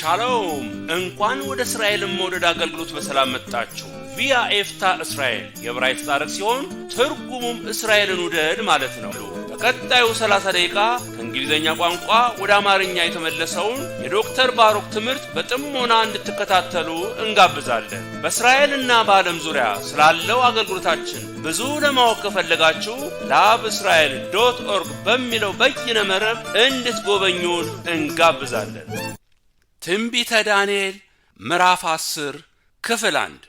ሻሎም እንኳን ወደ እስራኤልን መውደድ አገልግሎት በሰላም መጣችሁ። ቪያ ኤፍታ እስራኤል የዕብራይስጥ ታሪክ ሲሆን ትርጉሙም እስራኤልን ውደድ ማለት ነው። በቀጣዩ 30 ደቂቃ ከእንግሊዝኛ ቋንቋ ወደ አማርኛ የተመለሰውን የዶክተር ባሮክ ትምህርት በጥሞና እንድትከታተሉ እንጋብዛለን። በእስራኤልና በዓለም ዙሪያ ስላለው አገልግሎታችን ብዙ ለማወቅ ከፈለጋችሁ ላብ እስራኤል ዶት ኦርግ በሚለው በይነ መረብ እንድትጎበኙን እንጋብዛለን። ትንቢተ ዳንኤል ምዕራፍ 10 ክፍል 1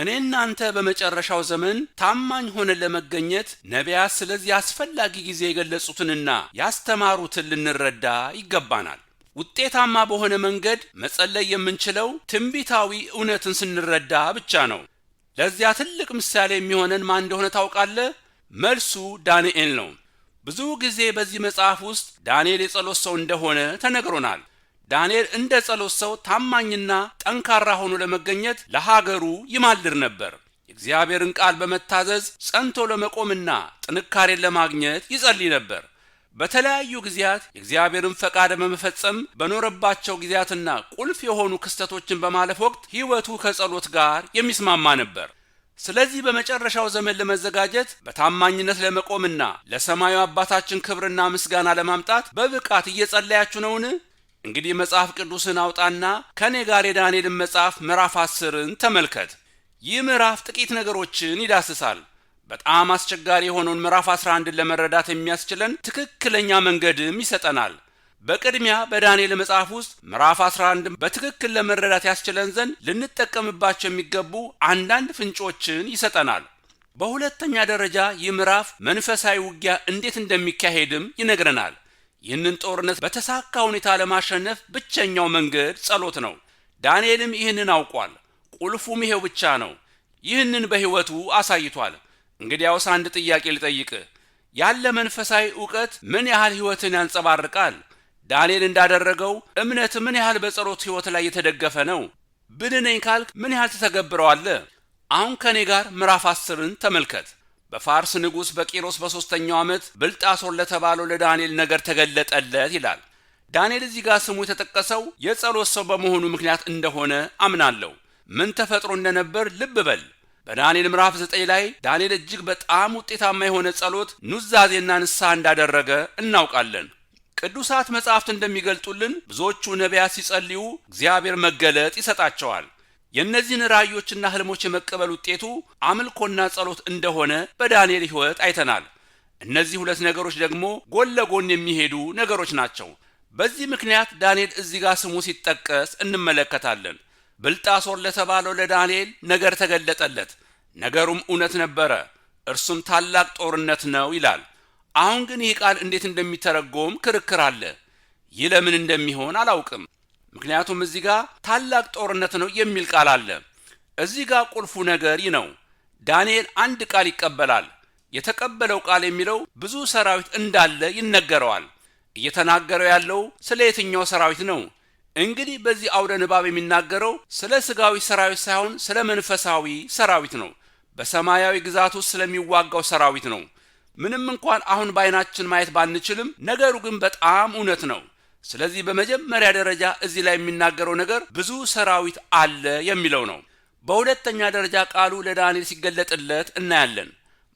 እኔ እናንተ በመጨረሻው ዘመን ታማኝ ሆነን ለመገኘት ነቢያት ስለዚህ አስፈላጊ ጊዜ የገለጹትንና ያስተማሩትን ልንረዳ ይገባናል። ውጤታማ በሆነ መንገድ መጸለይ የምንችለው ትንቢታዊ እውነትን ስንረዳ ብቻ ነው። ለዚያ ትልቅ ምሳሌ የሚሆነን ማን እንደሆነ ታውቃለህ? መልሱ ዳንኤል ነው። ብዙ ጊዜ በዚህ መጽሐፍ ውስጥ ዳንኤል የጸሎት ሰው እንደሆነ ተነግሮናል። ዳንኤል እንደ ጸሎት ሰው ታማኝና ጠንካራ ሆኖ ለመገኘት ለሀገሩ ይማልድ ነበር። የእግዚአብሔርን ቃል በመታዘዝ ጸንቶ ለመቆምና ጥንካሬን ለማግኘት ይጸልይ ነበር። በተለያዩ ጊዜያት የእግዚአብሔርን ፈቃድ በመፈጸም በኖረባቸው ጊዜያትና ቁልፍ የሆኑ ክስተቶችን በማለፍ ወቅት ሕይወቱ ከጸሎት ጋር የሚስማማ ነበር። ስለዚህ በመጨረሻው ዘመን ለመዘጋጀት በታማኝነት ለመቆምና ለሰማዩ አባታችን ክብርና ምስጋና ለማምጣት በብቃት እየጸለያችሁ ነውን? እንግዲህ መጽሐፍ ቅዱስን አውጣና ከእኔ ጋር የዳንኤልን መጽሐፍ ምዕራፍ አስርን ተመልከት። ይህ ምዕራፍ ጥቂት ነገሮችን ይዳስሳል። በጣም አስቸጋሪ የሆነውን ምዕራፍ 11ን ለመረዳት የሚያስችለን ትክክለኛ መንገድም ይሰጠናል። በቅድሚያ በዳንኤል መጽሐፍ ውስጥ ምዕራፍ 11 በትክክል ለመረዳት ያስችለን ዘንድ ልንጠቀምባቸው የሚገቡ አንዳንድ ፍንጮችን ይሰጠናል። በሁለተኛ ደረጃ ይህ ምዕራፍ መንፈሳዊ ውጊያ እንዴት እንደሚካሄድም ይነግረናል። ይህንን ጦርነት በተሳካ ሁኔታ ለማሸነፍ ብቸኛው መንገድ ጸሎት ነው። ዳንኤልም ይህንን አውቋል። ቁልፉም ይሄው ብቻ ነው። ይህንን በሕይወቱ አሳይቷል። እንግዲያውስ አንድ ጥያቄ ልጠይቅ። ያለ መንፈሳዊ ዕውቀት ምን ያህል ሕይወትን ያንጸባርቃል? ዳንኤል እንዳደረገው እምነት ምን ያህል በጸሎት ሕይወት ላይ የተደገፈ ነው? ብድነኝ ካልክ ምን ያህል ትተገብረዋለህ? አሁን ከእኔ ጋር ምዕራፍ አስርን ተመልከት። በፋርስ ንጉሥ በቂሮስ በሦስተኛው ዓመት ብልጣሶር ለተባለው ለዳንኤል ነገር ተገለጠለት ይላል። ዳንኤል እዚህ ጋር ስሙ የተጠቀሰው የጸሎት ሰው በመሆኑ ምክንያት እንደሆነ አምናለሁ። ምን ተፈጥሮ እንደነበር ልብ በል። በዳንኤል ምዕራፍ 9 ላይ ዳንኤል እጅግ በጣም ውጤታማ የሆነ ጸሎት፣ ኑዛዜና ንስሐ እንዳደረገ እናውቃለን። ቅዱሳት መጻሕፍት እንደሚገልጡልን ብዙዎቹ ነቢያት ሲጸልዩ እግዚአብሔር መገለጥ ይሰጣቸዋል። የእነዚህን ራእዮችና ህልሞች የመቀበል ውጤቱ አምልኮና ጸሎት እንደሆነ በዳንኤል ሕይወት አይተናል። እነዚህ ሁለት ነገሮች ደግሞ ጎን ለጎን የሚሄዱ ነገሮች ናቸው። በዚህ ምክንያት ዳንኤል እዚህ ጋር ስሙ ሲጠቀስ እንመለከታለን። ብልጣሶር ለተባለው ለዳንኤል ነገር ተገለጠለት፣ ነገሩም እውነት ነበረ፣ እርሱም ታላቅ ጦርነት ነው ይላል። አሁን ግን ይህ ቃል እንዴት እንደሚተረጎም ክርክር አለ። ይህ ለምን እንደሚሆን አላውቅም። ምክንያቱም እዚህ ጋር ታላቅ ጦርነት ነው የሚል ቃል አለ። እዚህ ጋር ቁልፉ ነገር ይህ ነው። ዳንኤል አንድ ቃል ይቀበላል። የተቀበለው ቃል የሚለው ብዙ ሰራዊት እንዳለ ይነገረዋል። እየተናገረው ያለው ስለ የትኛው ሰራዊት ነው? እንግዲህ በዚህ አውደ ንባብ የሚናገረው ስለ ስጋዊ ሰራዊት ሳይሆን ስለ መንፈሳዊ ሰራዊት ነው። በሰማያዊ ግዛት ውስጥ ስለሚዋጋው ሰራዊት ነው። ምንም እንኳን አሁን በዓይናችን ማየት ባንችልም፣ ነገሩ ግን በጣም እውነት ነው። ስለዚህ በመጀመሪያ ደረጃ እዚህ ላይ የሚናገረው ነገር ብዙ ሰራዊት አለ የሚለው ነው። በሁለተኛ ደረጃ ቃሉ ለዳንኤል ሲገለጥለት እናያለን።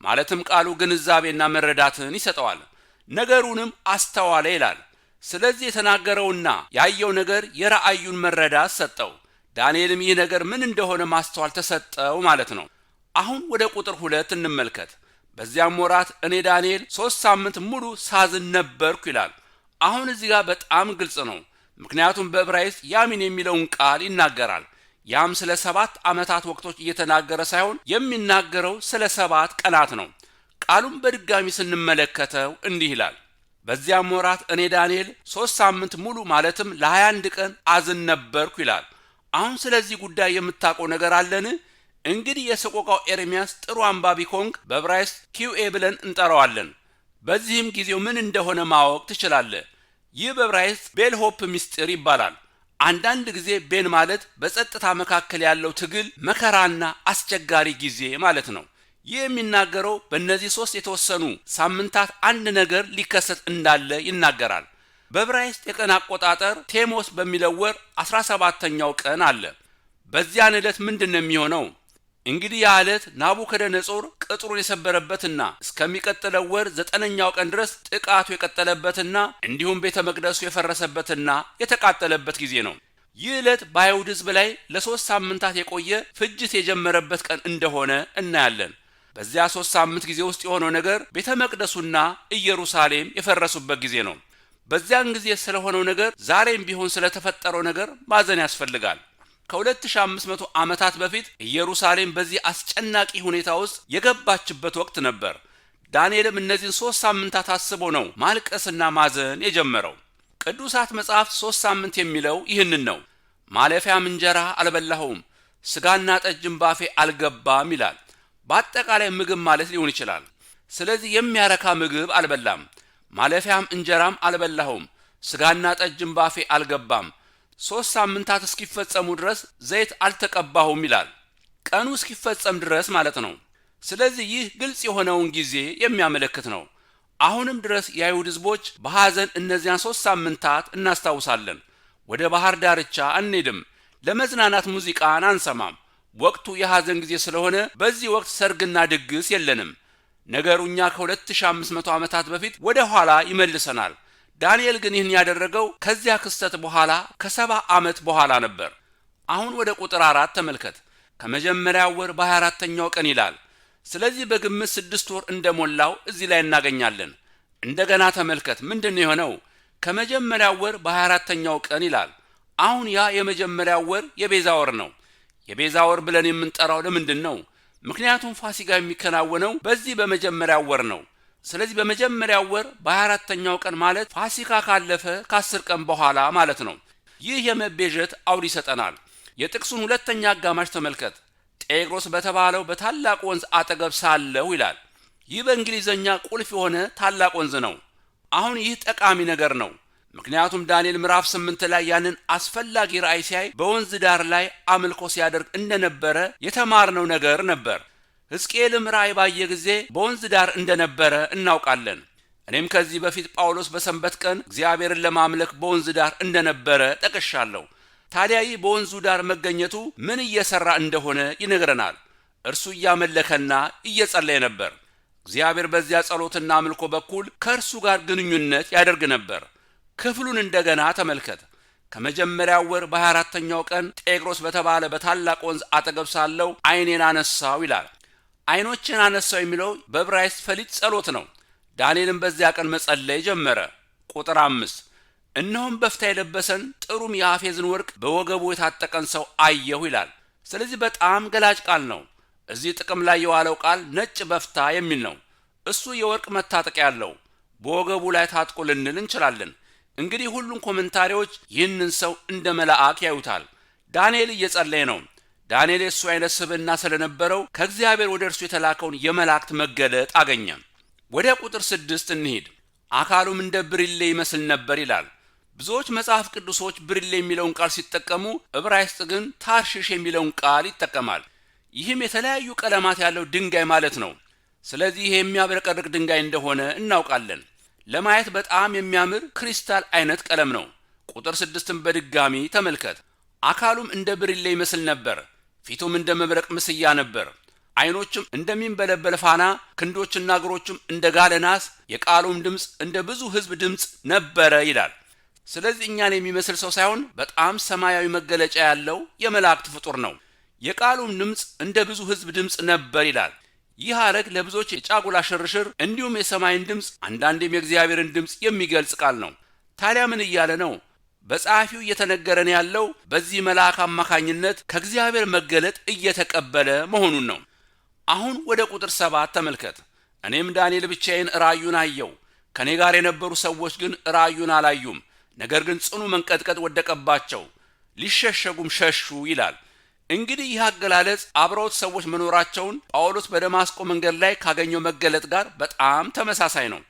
ማለትም ቃሉ ግንዛቤና መረዳትን ይሰጠዋል፣ ነገሩንም አስተዋለ ይላል። ስለዚህ የተናገረውና ያየው ነገር የራእዩን መረዳት ሰጠው። ዳንኤልም ይህ ነገር ምን እንደሆነ ማስተዋል ተሰጠው ማለት ነው። አሁን ወደ ቁጥር ሁለት እንመልከት። በዚያም ወራት እኔ ዳንኤል ሶስት ሳምንት ሙሉ ሳዝን ነበርኩ ይላል። አሁን እዚህ ጋር በጣም ግልጽ ነው። ምክንያቱም በዕብራይስጥ ያሚን የሚለውን ቃል ይናገራል። ያም ስለ ሰባት ዓመታት ወቅቶች እየተናገረ ሳይሆን የሚናገረው ስለ ሰባት ቀናት ነው። ቃሉን በድጋሚ ስንመለከተው እንዲህ ይላል፣ በዚያም ወራት እኔ ዳንኤል ሶስት ሳምንት ሙሉ ማለትም ለ21 ቀን አዝን ነበርኩ ይላል። አሁን ስለዚህ ጉዳይ የምታውቀው ነገር አለን? እንግዲህ የሰቆቃው ኤርሚያስ ጥሩ አንባቢ ከሆንክ በዕብራይስጥ ኪውኤ ብለን እንጠራዋለን። በዚህም ጊዜው ምን እንደሆነ ማወቅ ትችላለህ። ይህ በብራይስ ቤልሆፕ ምስጢር ይባላል። አንዳንድ ጊዜ ቤን ማለት በጸጥታ መካከል ያለው ትግል፣ መከራና አስቸጋሪ ጊዜ ማለት ነው። ይህ የሚናገረው በእነዚህ ሶስት የተወሰኑ ሳምንታት አንድ ነገር ሊከሰት እንዳለ ይናገራል። በብራይስ የቀን አቆጣጠር ቴሞስ በሚለው ወር 17ተኛው ቀን አለ። በዚያን ዕለት ምንድን ነው የሚሆነው? እንግዲህ ያ ዕለት ናቡከደነጾር ቅጥሩን የሰበረበትና እስከሚቀጥለው ወር ዘጠነኛው ቀን ድረስ ጥቃቱ የቀጠለበትና እንዲሁም ቤተ መቅደሱ የፈረሰበትና የተቃጠለበት ጊዜ ነው። ይህ ዕለት በአይሁድ ሕዝብ ላይ ለሶስት ሳምንታት የቆየ ፍጅት የጀመረበት ቀን እንደሆነ እናያለን። በዚያ ሶስት ሳምንት ጊዜ ውስጥ የሆነው ነገር ቤተ መቅደሱና ኢየሩሳሌም የፈረሱበት ጊዜ ነው። በዚያን ጊዜ ስለሆነው ነገር ዛሬም ቢሆን ስለተፈጠረው ነገር ማዘን ያስፈልጋል። ከ2500 ዓመታት በፊት ኢየሩሳሌም በዚህ አስጨናቂ ሁኔታ ውስጥ የገባችበት ወቅት ነበር። ዳንኤልም እነዚህን ሦስት ሳምንታት አስቦ ነው ማልቀስና ማዘን የጀመረው። ቅዱሳት መጽሐፍት ሦስት ሳምንት የሚለው ይህንን ነው። ማለፊያም እንጀራ አልበላሁም፣ ስጋና ጠጅም ባፌ አልገባም ይላል። በአጠቃላይ ምግብ ማለት ሊሆን ይችላል። ስለዚህ የሚያረካ ምግብ አልበላም፣ ማለፊያም እንጀራም አልበላሁም፣ ስጋና ጠጅም ባፌ አልገባም ሶስት ሳምንታት እስኪፈጸሙ ድረስ ዘይት አልተቀባሁም ይላል። ቀኑ እስኪፈጸም ድረስ ማለት ነው። ስለዚህ ይህ ግልጽ የሆነውን ጊዜ የሚያመለክት ነው። አሁንም ድረስ የአይሁድ ሕዝቦች በሐዘን እነዚያን ሦስት ሳምንታት እናስታውሳለን። ወደ ባህር ዳርቻ አንሄድም። ለመዝናናት ሙዚቃን አንሰማም። ወቅቱ የሐዘን ጊዜ ስለሆነ በዚህ ወቅት ሰርግና ድግስ የለንም። ነገሩ እኛ ከ2500 ዓመታት በፊት ወደ ኋላ ይመልሰናል። ዳንኤል ግን ይህን ያደረገው ከዚያ ክስተት በኋላ ከሰባ ዓመት በኋላ ነበር። አሁን ወደ ቁጥር አራት ተመልከት። ከመጀመሪያው ወር 24 አራተኛው ቀን ይላል። ስለዚህ በግምት ስድስት ወር እንደሞላው እዚህ ላይ እናገኛለን። እንደገና ተመልከት፣ ምንድን ነው የሆነው? ከመጀመሪያው ወር 24 አራተኛው ቀን ይላል። አሁን ያ የመጀመሪያው ወር የቤዛ ወር ነው። የቤዛ ወር ብለን የምንጠራው ለምንድን ነው? ምክንያቱም ፋሲጋ የሚከናወነው በዚህ በመጀመሪያው ወር ነው። ስለዚህ በመጀመሪያው ወር በ24ተኛው ቀን ማለት ፋሲካ ካለፈ ከአስር ቀን በኋላ ማለት ነው። ይህ የመቤዠት አውድ ይሰጠናል። የጥቅሱን ሁለተኛ አጋማሽ ተመልከት። ጤግሮስ በተባለው በታላቅ ወንዝ አጠገብ ሳለሁ ይላል። ይህ በእንግሊዝኛ ቁልፍ የሆነ ታላቅ ወንዝ ነው። አሁን ይህ ጠቃሚ ነገር ነው። ምክንያቱም ዳንኤል ምዕራፍ ስምንት ላይ ያንን አስፈላጊ ራእይ ሲያይ በወንዝ ዳር ላይ አምልኮ ሲያደርግ እንደነበረ የተማርነው ነገር ነበር። ሕዝቅኤልም ራእይ ባየ ጊዜ በወንዝ ዳር እንደነበረ እናውቃለን። እኔም ከዚህ በፊት ጳውሎስ በሰንበት ቀን እግዚአብሔርን ለማምለክ በወንዝ ዳር እንደነበረ ጠቅሻለሁ። ታዲያ ይህ በወንዙ ዳር መገኘቱ ምን እየሰራ እንደሆነ ይነግረናል። እርሱ እያመለከና እየጸለየ ነበር። እግዚአብሔር በዚያ ጸሎትና አምልኮ በኩል ከእርሱ ጋር ግንኙነት ያደርግ ነበር። ክፍሉን እንደገና ተመልከት። ከመጀመሪያው ወር በ24ተኛው ቀን ጤግሮስ በተባለ በታላቅ ወንዝ አጠገብ ሳለው ዓይኔን አነሳው ይላል። አይኖችን አነሳው የሚለው በዕብራይስጥ ፈሊጥ ጸሎት ነው። ዳንኤልም በዚያ ቀን መጸለይ ጀመረ። ቁጥር አምስት እነሆም በፍታ የለበሰን ጥሩም የአፌዝን ወርቅ በወገቡ የታጠቀን ሰው አየሁ ይላል። ስለዚህ በጣም ገላጭ ቃል ነው። እዚህ ጥቅም ላይ የዋለው ቃል ነጭ በፍታ የሚል ነው። እሱ የወርቅ መታጠቂያ ያለው በወገቡ ላይ ታጥቆ ልንል እንችላለን። እንግዲህ ሁሉም ኮመንታሪዎች ይህንን ሰው እንደ መላአክ ያዩታል። ዳንኤል እየጸለየ ነው። ዳንኤል የእሱ አይነት ስብዕና ስለነበረው ከእግዚአብሔር ወደ እርሱ የተላከውን የመላእክት መገለጥ አገኘ። ወደ ቁጥር ስድስት እንሂድ። አካሉም እንደ ብሪሌ ይመስል ነበር ይላል። ብዙዎች መጽሐፍ ቅዱሶች ብርሌ የሚለውን ቃል ሲጠቀሙ፣ ዕብራይስጥ ግን ታርሽሽ የሚለውን ቃል ይጠቀማል። ይህም የተለያዩ ቀለማት ያለው ድንጋይ ማለት ነው። ስለዚህ ይህ የሚያብረቀርቅ ድንጋይ እንደሆነ እናውቃለን። ለማየት በጣም የሚያምር ክሪስታል አይነት ቀለም ነው። ቁጥር ስድስትን በድጋሚ ተመልከት። አካሉም እንደ ብሪሌ ይመስል ነበር ፊቱም እንደ መብረቅ ምስያ ነበር፣ ዓይኖቹም እንደሚንበለበል ፋና፣ ክንዶችና እግሮቹም እንደ ጋለ ናስ፣ የቃሉም ድምፅ እንደ ብዙ ሕዝብ ድምፅ ነበረ ይላል። ስለዚህ እኛን የሚመስል ሰው ሳይሆን በጣም ሰማያዊ መገለጫ ያለው የመላእክት ፍጡር ነው። የቃሉም ድምፅ እንደ ብዙ ሕዝብ ድምፅ ነበር ይላል። ይህ ሐረግ ለብዙዎች የጫጉላ ሽርሽር እንዲሁም የሰማይን ድምፅ አንዳንዴም የእግዚአብሔርን ድምፅ የሚገልጽ ቃል ነው። ታዲያ ምን እያለ ነው? በጸሐፊው እየተነገረን ያለው በዚህ መልአክ አማካኝነት ከእግዚአብሔር መገለጥ እየተቀበለ መሆኑን ነው። አሁን ወደ ቁጥር ሰባት ተመልከት። እኔም ዳንኤል ብቻዬን ራእዩን አየው፣ ከእኔ ጋር የነበሩ ሰዎች ግን ራእዩን አላዩም፣ ነገር ግን ጽኑ መንቀጥቀጥ ወደቀባቸው፣ ሊሸሸጉም ሸሹ ይላል። እንግዲህ ይህ አገላለጽ አብረውት ሰዎች መኖራቸውን ጳውሎስ በደማስቆ መንገድ ላይ ካገኘው መገለጥ ጋር በጣም ተመሳሳይ ነው።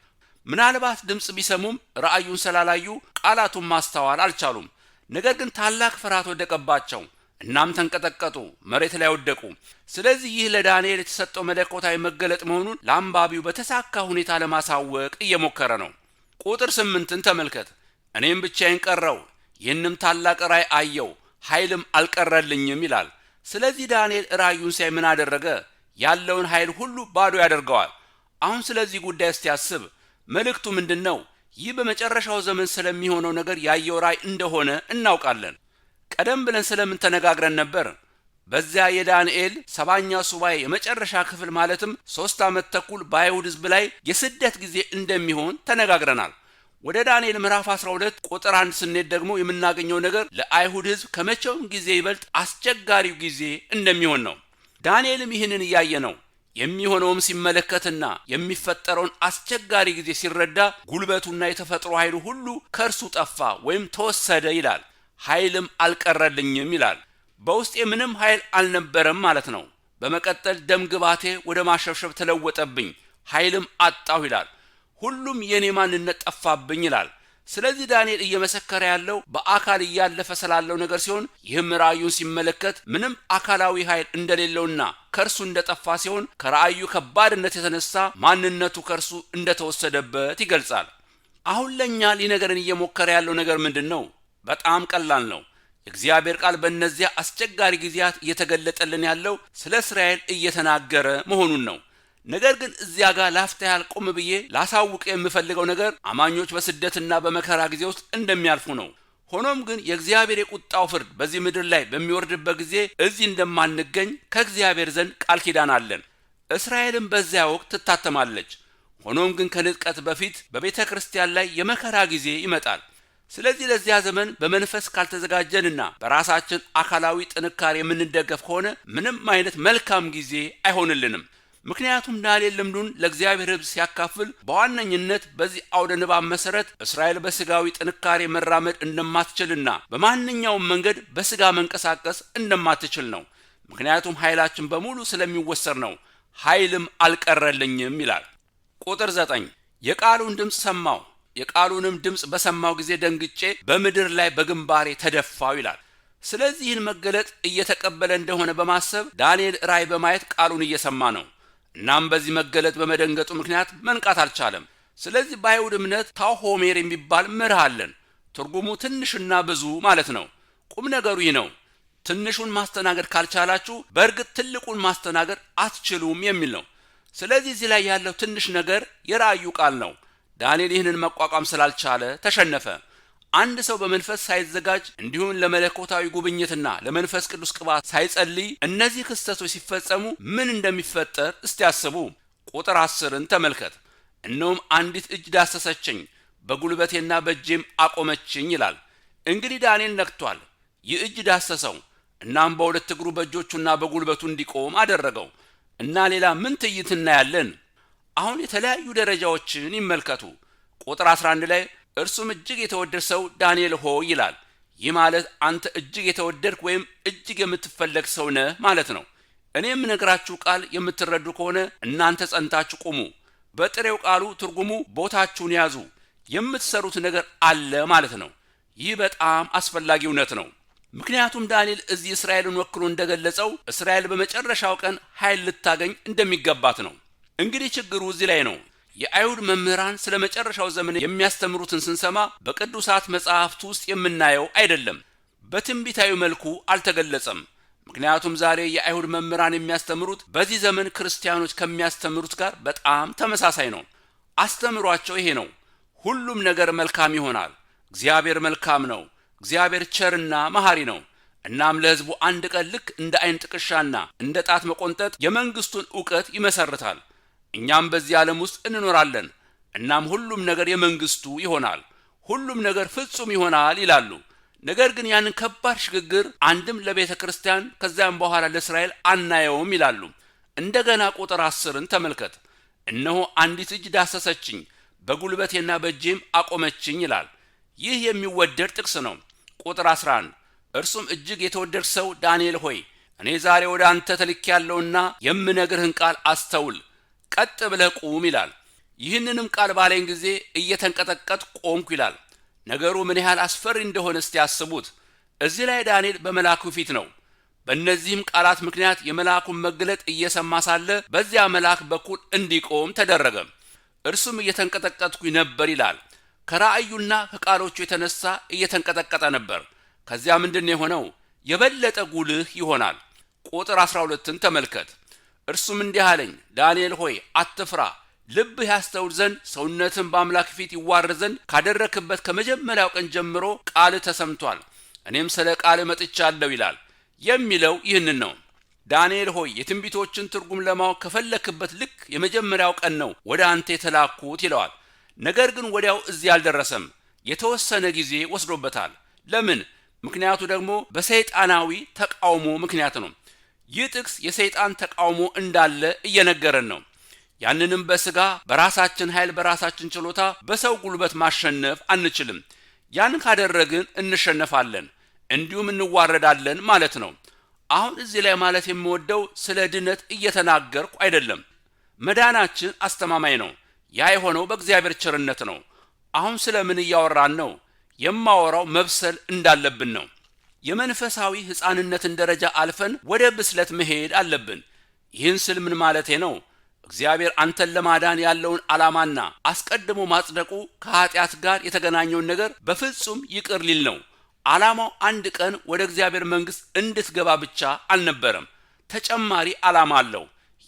ምናልባት ድምፅ ቢሰሙም ራእዩን ስላላዩ ቃላቱን ማስተዋል አልቻሉም። ነገር ግን ታላቅ ፍርሃት ወደቀባቸው፣ እናም ተንቀጠቀጡ፣ መሬት ላይ ወደቁ። ስለዚህ ይህ ለዳንኤል የተሰጠው መለኮታዊ መገለጥ መሆኑን ለአንባቢው በተሳካ ሁኔታ ለማሳወቅ እየሞከረ ነው። ቁጥር ስምንትን ተመልከት። እኔም ብቻዬን ቀረው፣ ይህንም ታላቅ ራእይ አየው፣ ኃይልም አልቀረልኝም ይላል። ስለዚህ ዳንኤል ራእዩን ሲያይ ምን አደረገ? ያለውን ኃይል ሁሉ ባዶ ያደርገዋል። አሁን ስለዚህ ጉዳይ እስቲ አስብ። መልእክቱ ምንድን ነው? ይህ በመጨረሻው ዘመን ስለሚሆነው ነገር ያየው ራእይ እንደሆነ እናውቃለን። ቀደም ብለን ስለምን ተነጋግረን ነበር? በዚያ የዳንኤል ሰባኛ ሱባኤ የመጨረሻ ክፍል ማለትም ሶስት ዓመት ተኩል በአይሁድ ሕዝብ ላይ የስደት ጊዜ እንደሚሆን ተነጋግረናል። ወደ ዳንኤል ምዕራፍ 12 ቁጥር አንድ ስንሄድ ደግሞ የምናገኘው ነገር ለአይሁድ ሕዝብ ከመቼውም ጊዜ ይበልጥ አስቸጋሪው ጊዜ እንደሚሆን ነው። ዳንኤልም ይህንን እያየ ነው። የሚሆነውም ሲመለከትና የሚፈጠረውን አስቸጋሪ ጊዜ ሲረዳ ጉልበቱና የተፈጥሮ ኃይሉ ሁሉ ከእርሱ ጠፋ ወይም ተወሰደ ይላል። ኃይልም አልቀረልኝም ይላል። በውስጤ ምንም ኃይል አልነበረም ማለት ነው። በመቀጠል ደም ግባቴ ወደ ማሸብሸብ ተለወጠብኝ፣ ኃይልም አጣሁ ይላል። ሁሉም የኔ ማንነት ጠፋብኝ ይላል። ስለዚህ ዳንኤል እየመሰከረ ያለው በአካል እያለፈ ስላለው ነገር ሲሆን ይህም ራእዩን ሲመለከት ምንም አካላዊ ኃይል እንደሌለውና ከእርሱ እንደጠፋ ሲሆን ከራእዩ ከባድነት የተነሳ ማንነቱ ከእርሱ እንደተወሰደበት ይገልጻል። አሁን ለእኛ ሊነገረን እየሞከረ ያለው ነገር ምንድን ነው? በጣም ቀላል ነው። የእግዚአብሔር ቃል በእነዚያ አስቸጋሪ ጊዜያት እየተገለጠልን ያለው ስለ እስራኤል እየተናገረ መሆኑን ነው። ነገር ግን እዚያ ጋር ላፍታ ያልቆም ብዬ ላሳውቅ የምፈልገው ነገር አማኞች በስደትና በመከራ ጊዜ ውስጥ እንደሚያልፉ ነው። ሆኖም ግን የእግዚአብሔር የቁጣው ፍርድ በዚህ ምድር ላይ በሚወርድበት ጊዜ እዚህ እንደማንገኝ ከእግዚአብሔር ዘንድ ቃል ኪዳን አለን። እስራኤልም በዚያ ወቅት ትታተማለች። ሆኖም ግን ከንጥቀት በፊት በቤተ ክርስቲያን ላይ የመከራ ጊዜ ይመጣል። ስለዚህ ለዚያ ዘመን በመንፈስ ካልተዘጋጀንና በራሳችን አካላዊ ጥንካሬ የምንደገፍ ከሆነ ምንም አይነት መልካም ጊዜ አይሆንልንም። ምክንያቱም ዳንኤል ልምዱን ለእግዚአብሔር ሕዝብ ሲያካፍል በዋነኝነት በዚህ አውደ ንባብ መሰረት እስራኤል በስጋዊ ጥንካሬ መራመድ እንደማትችልና በማንኛውም መንገድ በስጋ መንቀሳቀስ እንደማትችል ነው። ምክንያቱም ኃይላችን በሙሉ ስለሚወሰድ ነው። ኃይልም አልቀረልኝም ይላል። ቁጥር ዘጠኝ የቃሉን ድምፅ ሰማው፣ የቃሉንም ድምፅ በሰማው ጊዜ ደንግጬ በምድር ላይ በግንባሬ ተደፋው ይላል። ስለዚህን መገለጥ እየተቀበለ እንደሆነ በማሰብ ዳንኤል ራእይ በማየት ቃሉን እየሰማ ነው። እናም በዚህ መገለጥ በመደንገጡ ምክንያት መንቃት አልቻለም። ስለዚህ በአይሁድ እምነት ታሆሜር የሚባል ምርህ አለን። ትርጉሙ ትንሽና ብዙ ማለት ነው። ቁም ነገሩ ይህ ነው። ትንሹን ማስተናገድ ካልቻላችሁ በእርግጥ ትልቁን ማስተናገድ አትችሉም የሚል ነው። ስለዚህ እዚህ ላይ ያለው ትንሽ ነገር የራእዩ ቃል ነው። ዳንኤል ይህንን መቋቋም ስላልቻለ ተሸነፈ። አንድ ሰው በመንፈስ ሳይዘጋጅ እንዲሁም ለመለኮታዊ ጉብኝትና ለመንፈስ ቅዱስ ቅባት ሳይጸልይ እነዚህ ክስተቶች ሲፈጸሙ ምን እንደሚፈጠር እስቲ አስቡ። ቁጥር አስርን ተመልከት። እነውም አንዲት እጅ ዳሰሰችኝ፣ በጉልበቴና በእጄም አቆመችኝ ይላል። እንግዲህ ዳንኤል ነክቷል። ይህ እጅ ዳሰሰው፣ እናም በሁለት እግሩ በእጆቹና በጉልበቱ እንዲቆም አደረገው። እና ሌላ ምን ትዕይንት እናያለን? አሁን የተለያዩ ደረጃዎችን ይመልከቱ። ቁጥር 11 ላይ እርሱም እጅግ የተወደድ ሰው ዳንኤል ሆ ይላል። ይህ ማለት አንተ እጅግ የተወደድክ ወይም እጅግ የምትፈለግ ሰው ነህ ማለት ነው። እኔ የምነግራችሁ ቃል የምትረዱ ከሆነ እናንተ ጸንታችሁ ቁሙ። በጥሬው ቃሉ ትርጉሙ ቦታችሁን ያዙ፣ የምትሰሩት ነገር አለ ማለት ነው። ይህ በጣም አስፈላጊ እውነት ነው። ምክንያቱም ዳንኤል እዚህ እስራኤልን ወክሎ እንደገለጸው እስራኤል በመጨረሻው ቀን ኃይል ልታገኝ እንደሚገባት ነው። እንግዲህ ችግሩ እዚህ ላይ ነው። የአይሁድ መምህራን ስለ መጨረሻው ዘመን የሚያስተምሩትን ስንሰማ በቅዱሳት መጽሐፍት ውስጥ የምናየው አይደለም። በትንቢታዊ መልኩ አልተገለጸም። ምክንያቱም ዛሬ የአይሁድ መምህራን የሚያስተምሩት በዚህ ዘመን ክርስቲያኖች ከሚያስተምሩት ጋር በጣም ተመሳሳይ ነው። አስተምሯቸው ይሄ ነው። ሁሉም ነገር መልካም ይሆናል፣ እግዚአብሔር መልካም ነው፣ እግዚአብሔር ቸርና መሐሪ ነው። እናም ለሕዝቡ አንድ ቀን ልክ እንደ አይን ጥቅሻና እንደ ጣት መቆንጠጥ የመንግስቱን እውቀት ይመሰርታል። እኛም በዚህ ዓለም ውስጥ እንኖራለን። እናም ሁሉም ነገር የመንግስቱ ይሆናል፣ ሁሉም ነገር ፍጹም ይሆናል ይላሉ። ነገር ግን ያንን ከባድ ሽግግር አንድም ለቤተ ክርስቲያን ከዚያም በኋላ ለእስራኤል አናየውም ይላሉ። እንደገና ቁጥር አስርን ተመልከት። እነሆ አንዲት እጅ ዳሰሰችኝ፣ በጉልበቴና በእጄም አቆመችኝ ይላል። ይህ የሚወደድ ጥቅስ ነው። ቁጥር 11 እርሱም እጅግ የተወደድ ሰው ዳንኤል ሆይ እኔ ዛሬ ወደ አንተ ያለውና የምነግርህን ቃል አስተውል ቀጥ ብለ ቁም ይላል። ይህንንም ቃል ባለኝ ጊዜ እየተንቀጠቀጥ ቆምኩ ይላል። ነገሩ ምን ያህል አስፈሪ እንደሆነ እስቲ ያስቡት። እዚህ ላይ ዳንኤል በመልአኩ ፊት ነው። በእነዚህም ቃላት ምክንያት የመልአኩን መገለጥ እየሰማ ሳለ በዚያ መልአክ በኩል እንዲቆም ተደረገ። እርሱም እየተንቀጠቀጥኩ ነበር ይላል። ከራእዩና ከቃሎቹ የተነሳ እየተንቀጠቀጠ ነበር። ከዚያ ምንድን የሆነው የበለጠ ጉልህ ይሆናል። ቁጥር 12ን ተመልከት። እርሱም እንዲህ አለኝ፣ ዳንኤል ሆይ አትፍራ፣ ልብህ ያስተውል ዘንድ ሰውነትን በአምላክ ፊት ይዋር ዘንድ ካደረክበት ከመጀመሪያው ቀን ጀምሮ ቃል ተሰምቷል፣ እኔም ስለ ቃል መጥቻለሁ ይላል የሚለው ይህንን ነው። ዳንኤል ሆይ የትንቢቶችን ትርጉም ለማወቅ ከፈለክበት ልክ የመጀመሪያው ቀን ነው ወደ አንተ የተላኩት ይለዋል። ነገር ግን ወዲያው እዚህ አልደረሰም። የተወሰነ ጊዜ ወስዶበታል። ለምን? ምክንያቱ ደግሞ በሰይጣናዊ ተቃውሞ ምክንያት ነው። ይህ ጥቅስ የሰይጣን ተቃውሞ እንዳለ እየነገረን ነው። ያንንም በስጋ በራሳችን ኃይል በራሳችን ችሎታ በሰው ጉልበት ማሸነፍ አንችልም። ያን ካደረግን እንሸነፋለን፣ እንዲሁም እንዋረዳለን ማለት ነው። አሁን እዚህ ላይ ማለት የምወደው ስለ ድነት እየተናገርኩ አይደለም። መዳናችን አስተማማኝ ነው። ያ የሆነው በእግዚአብሔር ቸርነት ነው። አሁን ስለ ምን እያወራን ነው? የማወራው መብሰል እንዳለብን ነው። የመንፈሳዊ ሕፃንነትን ደረጃ አልፈን ወደ ብስለት መሄድ አለብን። ይህን ስል ምን ማለቴ ነው? እግዚአብሔር አንተን ለማዳን ያለውን ዓላማና አስቀድሞ ማጽደቁ ከኃጢአት ጋር የተገናኘውን ነገር በፍጹም ይቅር ሊል ነው። ዓላማው አንድ ቀን ወደ እግዚአብሔር መንግሥት እንድትገባ ብቻ አልነበረም። ተጨማሪ ዓላማ አለው።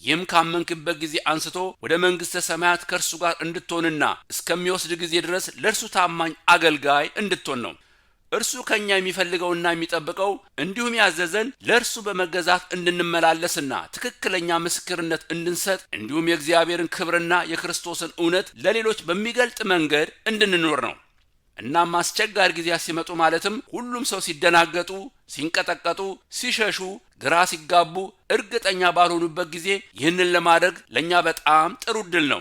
ይህም ካመንክበት ጊዜ አንስቶ ወደ መንግሥተ ሰማያት ከእርሱ ጋር እንድትሆንና እስከሚወስድ ጊዜ ድረስ ለእርሱ ታማኝ አገልጋይ እንድትሆን ነው። እርሱ ከኛ የሚፈልገውና የሚጠብቀው እንዲሁም ያዘዘን ለእርሱ በመገዛት እንድንመላለስና ትክክለኛ ምስክርነት እንድንሰጥ እንዲሁም የእግዚአብሔርን ክብርና የክርስቶስን እውነት ለሌሎች በሚገልጥ መንገድ እንድንኖር ነው። እናም አስቸጋሪ ጊዜያት ሲመጡ ማለትም ሁሉም ሰው ሲደናገጡ፣ ሲንቀጠቀጡ፣ ሲሸሹ፣ ግራ ሲጋቡ፣ እርግጠኛ ባልሆኑበት ጊዜ ይህንን ለማድረግ ለእኛ በጣም ጥሩ እድል ነው።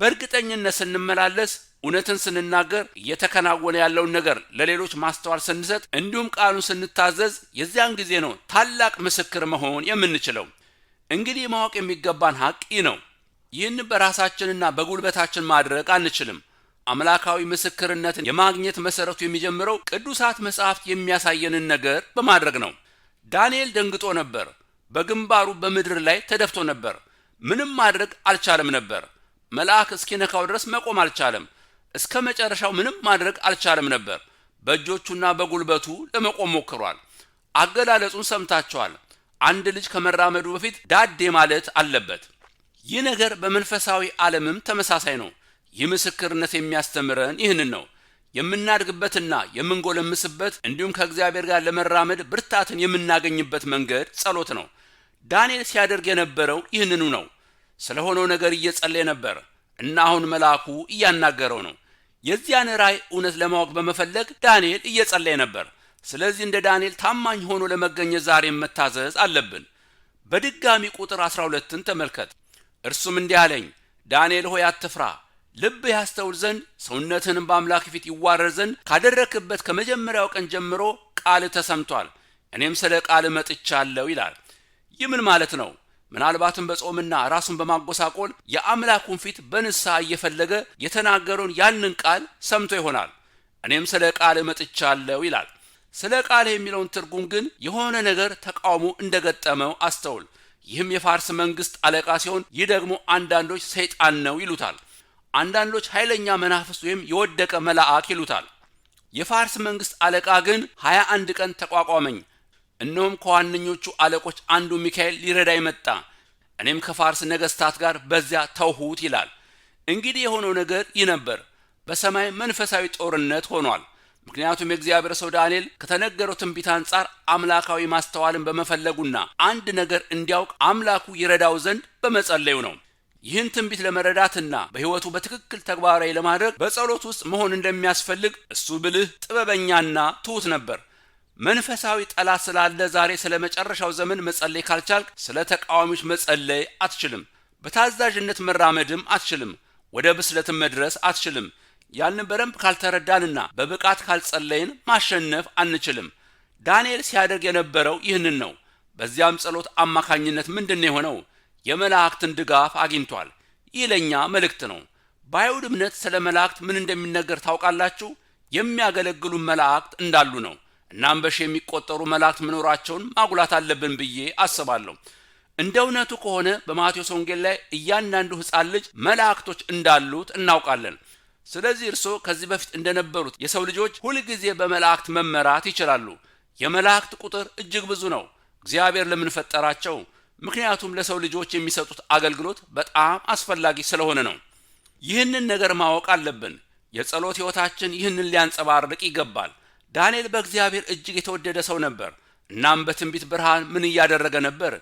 በእርግጠኝነት ስንመላለስ እውነትን ስንናገር እየተከናወነ ያለውን ነገር ለሌሎች ማስተዋል ስንሰጥ እንዲሁም ቃሉን ስንታዘዝ የዚያን ጊዜ ነው ታላቅ ምስክር መሆን የምንችለው። እንግዲህ ማወቅ የሚገባን ሀቅ ነው። ይህን በራሳችንና በጉልበታችን ማድረግ አንችልም። አምላካዊ ምስክርነትን የማግኘት መሰረቱ የሚጀምረው ቅዱሳት መጽሐፍት የሚያሳየንን ነገር በማድረግ ነው። ዳንኤል ደንግጦ ነበር። በግንባሩ በምድር ላይ ተደፍቶ ነበር። ምንም ማድረግ አልቻለም ነበር። መልአክ እስኪነካው ድረስ መቆም አልቻለም። እስከ መጨረሻው ምንም ማድረግ አልቻለም ነበር። በእጆቹና በጉልበቱ ለመቆም ሞክሯል። አገላለጹን ሰምታቸዋል። አንድ ልጅ ከመራመዱ በፊት ዳዴ ማለት አለበት። ይህ ነገር በመንፈሳዊ ዓለምም ተመሳሳይ ነው። ይህ ምስክርነት የሚያስተምረን ይህንን ነው። የምናድግበትና የምንጎለምስበት እንዲሁም ከእግዚአብሔር ጋር ለመራመድ ብርታትን የምናገኝበት መንገድ ጸሎት ነው። ዳንኤል ሲያደርግ የነበረው ይህንኑ ነው። ስለሆነው ነገር እየጸለየ ነበር እና አሁን መልአኩ እያናገረው ነው። የዚያን ራእይ እውነት ለማወቅ በመፈለግ ዳንኤል እየጸለየ ነበር። ስለዚህ እንደ ዳንኤል ታማኝ ሆኖ ለመገኘት ዛሬም መታዘዝ አለብን። በድጋሚ ቁጥር 12ን ተመልከት። እርሱም እንዲህ አለኝ፣ ዳንኤል ሆይ አትፍራ፣ ልብህ ያስተውል ዘንድ ሰውነትህንም በአምላክ ፊት ይዋረር ዘንድ ካደረክበት ከመጀመሪያው ቀን ጀምሮ ቃል ተሰምቷል፣ እኔም ስለ ቃል መጥቻለሁ ይላል። ይህ ምን ማለት ነው? ምናልባትም በጾምና ራሱን በማጎሳቆል የአምላኩን ፊት በንስሐ እየፈለገ የተናገረውን ያንን ቃል ሰምቶ ይሆናል። እኔም ስለ ቃል እመጥቻለሁ ይላል። ስለ ቃል የሚለውን ትርጉም ግን የሆነ ነገር ተቃውሞ እንደገጠመው አስተውል። ይህም የፋርስ መንግስት አለቃ ሲሆን፣ ይህ ደግሞ አንዳንዶች ሰይጣን ነው ይሉታል። አንዳንዶች ኃይለኛ መናፍስ ወይም የወደቀ መልአክ ይሉታል። የፋርስ መንግስት አለቃ ግን ሀያ አንድ ቀን ተቋቋመኝ እነሆም ከዋነኞቹ አለቆች አንዱ ሚካኤል ሊረዳ ይመጣ፣ እኔም ከፋርስ ነገስታት ጋር በዚያ ተውሁት ይላል። እንግዲህ የሆነው ነገር ይህ ነበር። በሰማይ መንፈሳዊ ጦርነት ሆኗል። ምክንያቱም የእግዚአብሔር ሰው ዳንኤል ከተነገረው ትንቢት አንጻር አምላካዊ ማስተዋልን በመፈለጉና አንድ ነገር እንዲያውቅ አምላኩ ይረዳው ዘንድ በመጸለዩ ነው። ይህን ትንቢት ለመረዳትና በሕይወቱ በትክክል ተግባራዊ ለማድረግ በጸሎት ውስጥ መሆን እንደሚያስፈልግ እሱ ብልህ ጥበበኛና ትሑት ነበር። መንፈሳዊ ጠላት ስላለ ዛሬ ስለ መጨረሻው ዘመን መጸለይ ካልቻልክ ስለ ተቃዋሚዎች መጸለይ አትችልም። በታዛዥነት መራመድም አትችልም። ወደ ብስለትም መድረስ አትችልም። ያንን በደንብ ካልተረዳንና በብቃት ካልጸለይን ማሸነፍ አንችልም። ዳንኤል ሲያደርግ የነበረው ይህንን ነው። በዚያም ጸሎት አማካኝነት ምንድን የሆነው የመላእክትን ድጋፍ አግኝቷል። ይህ ለእኛ መልእክት ነው። በአይሁድ እምነት ስለ መላእክት ምን እንደሚነገር ታውቃላችሁ? የሚያገለግሉ መላእክት እንዳሉ ነው። እናም በሺ የሚቆጠሩ መላእክት መኖራቸውን ማጉላት አለብን ብዬ አስባለሁ። እንደ እውነቱ ከሆነ በማቴዎስ ወንጌል ላይ እያንዳንዱ ሕፃን ልጅ መላእክቶች እንዳሉት እናውቃለን። ስለዚህ እርስዎ ከዚህ በፊት እንደነበሩት የሰው ልጆች ሁልጊዜ በመላእክት መመራት ይችላሉ። የመላእክት ቁጥር እጅግ ብዙ ነው። እግዚአብሔር ለምን ፈጠራቸው? ምክንያቱም ለሰው ልጆች የሚሰጡት አገልግሎት በጣም አስፈላጊ ስለሆነ ነው። ይህንን ነገር ማወቅ አለብን። የጸሎት ሕይወታችን ይህንን ሊያንጸባርቅ ይገባል። ዳንኤል በእግዚአብሔር እጅግ የተወደደ ሰው ነበር። እናም በትንቢት ብርሃን ምን እያደረገ ነበር?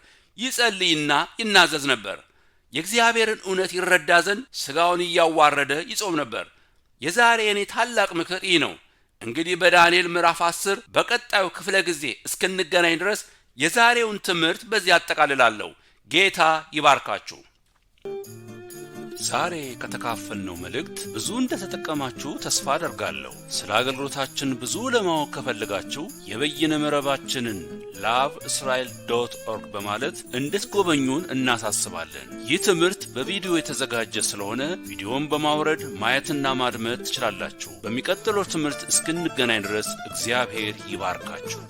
ይጸልይና ይናዘዝ ነበር። የእግዚአብሔርን እውነት ይረዳ ዘንድ ሥጋውን እያዋረደ ይጾም ነበር። የዛሬ የኔ ታላቅ ምክር ይህ ነው። እንግዲህ በዳንኤል ምዕራፍ አስር በቀጣዩ ክፍለ ጊዜ እስክንገናኝ ድረስ የዛሬውን ትምህርት በዚህ አጠቃልላለሁ። ጌታ ይባርካችሁ። ዛሬ ከተካፈልነው መልእክት ብዙ እንደተጠቀማችሁ ተስፋ አደርጋለሁ። ስለ አገልግሎታችን ብዙ ለማወቅ ከፈልጋችሁ የበይነ መረባችንን ላቭ እስራኤል ዶት ኦርግ በማለት እንድትጎበኙን እናሳስባለን። ይህ ትምህርት በቪዲዮ የተዘጋጀ ስለሆነ ቪዲዮን በማውረድ ማየትና ማድመጥ ትችላላችሁ። በሚቀጥለው ትምህርት እስክንገናኝ ድረስ እግዚአብሔር ይባርካችሁ።